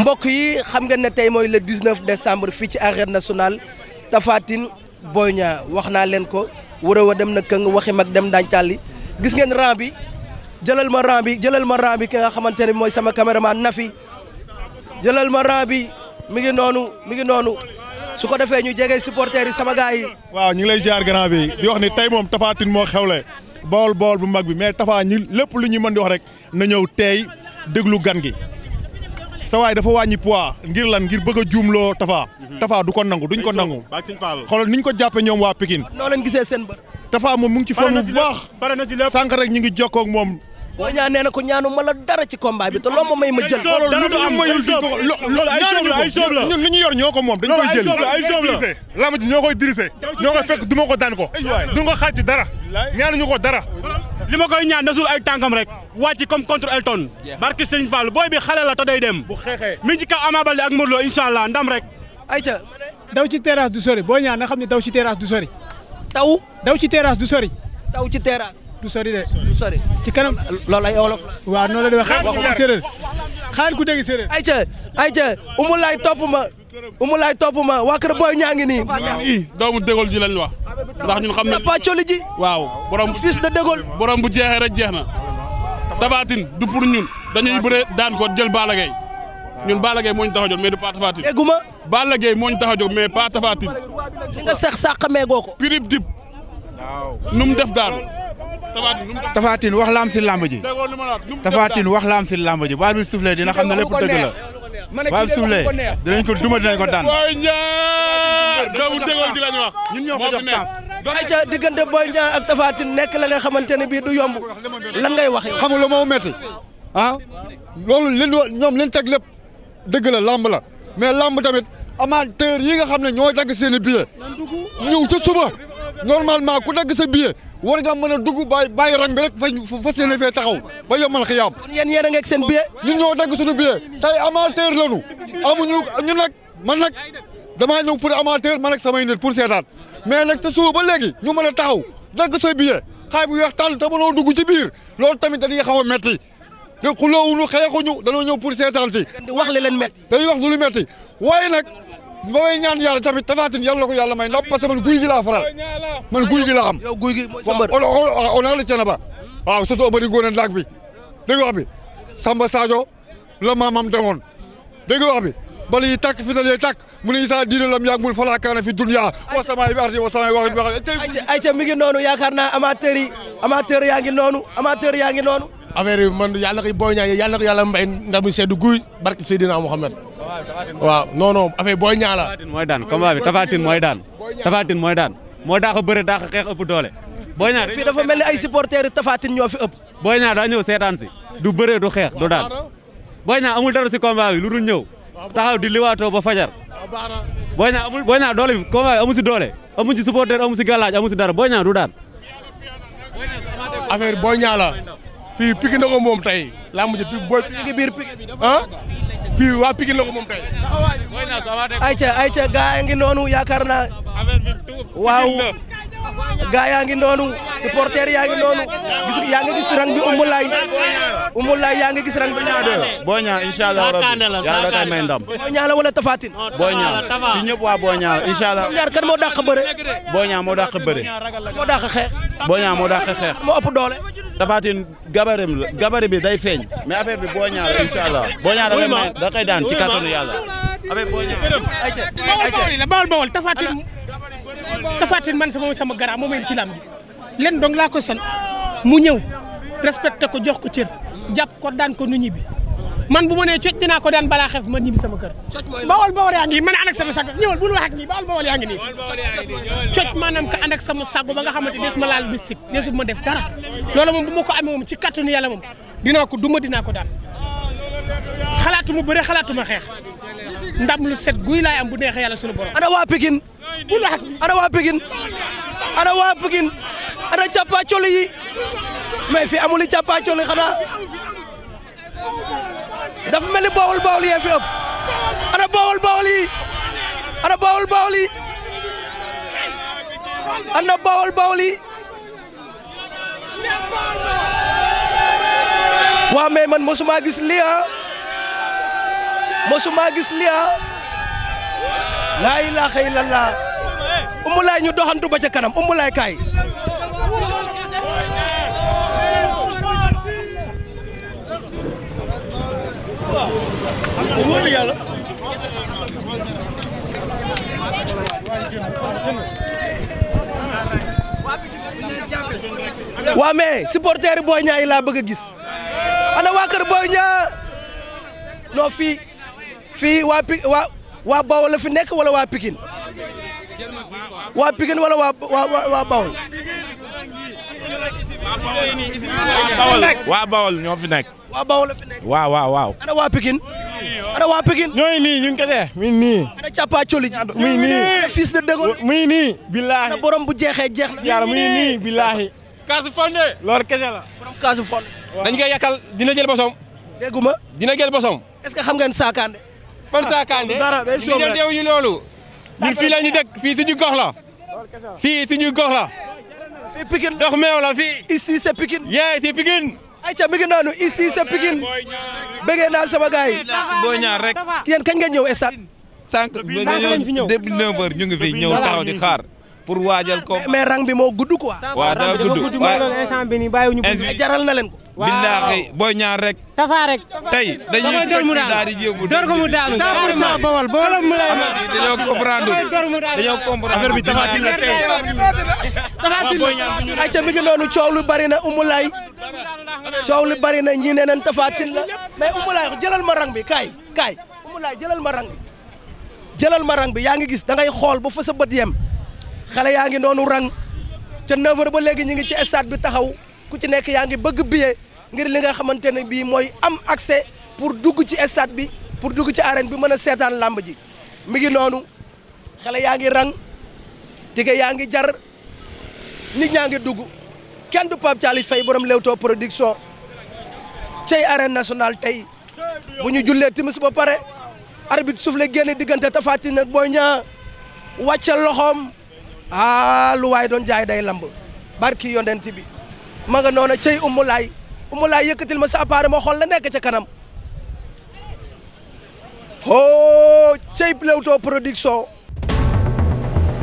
mbokk yi xam ngeen ne tey mooy le 19 décembre fii ci arène nationale Tapha booy ñaa wax naa leen ko wërëw a dem na këng waxi mag dem daañu li gis ngeen rang bi jëlal ma rang bi jëlal ma rang bi ki nga xamante ne mooy sama caméraman Nafi jëlal ma rang bi mi ngi noonu mi ngi noonu su ko defee ñu jege supporters yi sama gars yi. waaw ñu ngi lay jaar grand bi di wax ni tey moom Tapha Tine moo xewle bool bool bu mag bi mais Tapha ñi lépp lu ñuy mën di wax rek na ñëw teey déglu gan gi. sa waay dafa wàññi poids ngir lan ngir bëgg a juumloo Tafa. Mhm. Tafa du ko nangu duñ ko nangu. xoolal niñ ko jàppee ñoom waa Pikine. noo leen gisee seen bër. Tafa moom mu ngi ci forme bu baax sànq rek ñu ngi jokkoo moom. boo ñaan na ko ñaanu ma dara ci combat bi te loo may ma jël. dara du am ay la ñu yor ñoo ko moom dañ koy jël ay la lama ji ñoo koy dirisé ñoo koy fekk du ko daan ko du nga xàcc dara ñaanuñu ko dara li ma koy ñaan nasul ay tànkam rek wàcc comme contre Elton. barki Sëriñ Fall booy bi xale la ta day dem. bu xeexee mi ngi ci kaw Ama Baldé ak Modou Lo incha allah ndam rek. ayca daw ci terrasse du sori booy ñaan na xam ne daw ci terrasse du sori. taw daw ci terrasse du sori. taw ci terrasse. du sori de. sori ci kanam. loolu ay olof waa waaw noonu la di wax xaar ku dégg séeréer xaar ku dégg séeréer. ayca ayca umulaay topp ma umulaay topp ma waa kër booy ñaa ngi nii. i doomu dégol ji lañ wax. ndax ñun xam nañ papa Coli ji. waaw borom fils de bu jeexee rek jeex na. Tapha Tine du pour ñun dañuy bëre daan ko jël Balla Gaye ñun Balla Gaye moo ñu tax a jóg mais du pas Tapha Tine. déggu ma Balla Gaye ñu mais pas nga sax sàqamee ko. pirip dib nu mu def daanu. Tapha Tine wax laam si làmb ji. Tapha Tine wax laam si làmb ji waa bi soufflé dina xam ne lépp dëgg la. waa bi soufflé dinañ ko duma dinañ ko daan. booy ñaar ayca diggante Boy Niang ak Tapha Tine nekk la nga xamante ne bii du yomb lan ngay wax yow. xam nga moo ah loolu li ñoom li ñu teg lépp dëgg la làmb la mais làmb tamit amateur yi nga xam ne ñooy dagg seen i billet ñëw ca suba normalement ku dagg sa billet war nga mën a dugg bàyyi bàyyi rang bi rek fa fas yéene fee taxaw ba yombal xiyaam. kon yéen yéen a ngeeg seen billet. ñun ñoo dagg suñu billet tey amateur lañu amuñu ñu nag man nag. dama ñëw pour amateur man ak samay nit pour seetaan mais nag te suba ba léegi ñu mën a taxaw dagg sa billet xaay bu weex tàll te mënoo dugg ci biir loolu tamit dañuy xaw a métti te xuloowuñu ñëw pour seetaan wax li leen métti. dañuy wax lu lu métti waaye nag ba may ñaan yàlla tamit tafaatin yàlla na ko yàlla may ndam parce que man guy gi laa man guy gi laa xam. yow guy gi mooy waaw on a le Thiénaba waaw bi dégg nga wax bi Samba Sadio la maamam demoon dégg nga wax bi. bal yi tàkk fi yooyu tàkk mu ne Issa diine lam yàggul falaa kaana fi dunya wa samaay bi ardi wa samaay waxit waxit ayca mi ngi noonu yaakaar naa amateur yi amateur yaa ngi noonu amateur yaa ngi noonu affaire yi man yàlla koy booy ñaa yàlla ko yàlla mbay ndamu seddu guy barke Seydina Mouhamed waaw non non affaire booy ñaa la mooy daan combat bi tafatin mooy daan tafatin mooy daan moo daa ko bëre daa ko xeex ëpp doole booy ñaa fii dafa mel ni ay supporters yu tafatin ñoo fi ëpp booy ñaa daa ñëw seetaan si du bëre du xeex du daan booy ñaa amul dara si combat bi lu dul ñëw taxaw di liwaatoo ba fajar Boy Niang amul Boy Niang doole bi combat amu si doole amu si supporter amu si galaaj dara Boy du daan affaire Boy la fii piki na ko moom tey laa mujj bi booy piki fii waa piki na ko moom tey ayca ayca gaa ngi noonu yaakaar naa waaw gaa yaa ngi noonu supporter yaa ngi noonu gis yaa ngi gis rang bi umulaay umulaay yaa ngi gis rang bi ñaar boo ñaa incha allah rabbi yàlla da koy may ndam boo ñaa la wala boo ñaa fi ñëpp waa boo ñaa la incha kan moo dàq bëre boo ñaa moo dàq bëre moo dàq xeex boo ñaa moo dàq xeex moo ëpp doole tafaatin gabarim la gabari bi day feeñ mais affaire bi boo ñaa la incha boo ñaa da koy may da koy daan ci kattanu yàlla affaire Tapha Tine man sama sama garaa moo may ci làmb bi len dong laa ko sant mu ñëw respecté ko jox ko cër jàpp ko daan ko nu ñibbi man bu ma nee coc dinaa ko daan balaa xeef ma ñibbi sama kër. bawol bawol yaa ngi man ànd sama sago ñëwal bul wax ak ñii bawol bawol yaa ngi nii. coc maanaam ka ànd ak sama sago ba nga xamante des ma laal bisik desul ma def dara loolu moom bu ma ko amee moom ci kattanu yàlla moom dinaa ko duma dinaa ko daan xalaatuma bëre xalaatuma xeex ndam lu set guy laay am bu neexee yàlla sunu bul wax ana waa Pikine ana waa Pikine ana càppaacoli yi mais fi amul càppaacoli xanaa dafa mel ni bawol bawol bawol bawol yi ana bawol bawol yi ana bawol bawol yi waa mais man mosuma gis lii ah mosuma gis lii ah laa ilaaha illallah umulaay ñu doxantu ba ca kanam umulaay kaay waa mais supporter yi Boy laa bëgg a gis ana waa kër Boy Niang non fii fii waa pi waa waa fi nekk wala waa Pikine waa Pikine wala waa waa waa Bawol. waa Bawol ñoo fi waa Bawol la fi nekk. waaw waaw waaw. ana waa Pikine. ana waa nii ñu ngi ko dee. nii. ana Coli. muy nii. nii. billaahi borom bu jeexee jeex na. yàlla muy nii billaahi. Kaasu Fonde. loolu kese la. borom Kaasu Fonde. dañ koy yàqal dina jël bosom. dégguma dina jël bosom. est-ce que xam ngeen saakaande. man saakaande dara day soobee ñu loolu. ñun fii la ñu dëkk fii suñu gox la fii suñu gox la. fii Pikine dox meew la fii. ici c'est Pikine. yee si Pikine. ayca mi ngi noonu ici c'est Pikine bëggee naa sama gars boo ñaar rek. yéen kañ ngeen ñëw stade. sànq depuis 9h ñu ngi fi ñëw taxaw di xaar. pour waajal ko mais rang bi moo gudd quoi. waaw daa gudd waaye instant bi nii bàyyiwuñu jaral na leen ko. billaahi booy ñaar rek. tafa rek tey dañuy daal di jéem door ko mu daanu 100% bawal bawal mu lay dañoo bi tafa mi ngi noonu coow lu bari na umulay coow lu bari na ñi ne tin la mais umulay jëlal ma rang bi kay kaay umulay jëlal ma rang bi jëlal ma rang bi yaa ngi gis dangay xool ba fa sa bët yem xale yaa ngi noonu rang ca 9 ba léegi ñu ngi ci stade bi taxaw ku ci nekk yaa ngi bëgg billet ngir li nga xamante ne bii mooy am accès pour dugg ci stade bi pour dugg ci arène bi mën a seetaan làmb ji mi ngi noonu xale yaa ngi rang tige yaa ngi jar nit ñaa ngi dugg kenn du Pape Thialy Faye borom Leewtoo production cey arène nationale tey bu ñu jullee timis ba pare arbitre suuf la génne diggante Tapha Tine ak Boy Niang wàcce loxoom ah lu doon jaay day lamb barki yonent bi ma nga noona cey umulaay umulaay yëkkatil ma sa appareil ma xool la nekk ca kanam oh cey Leewtoo production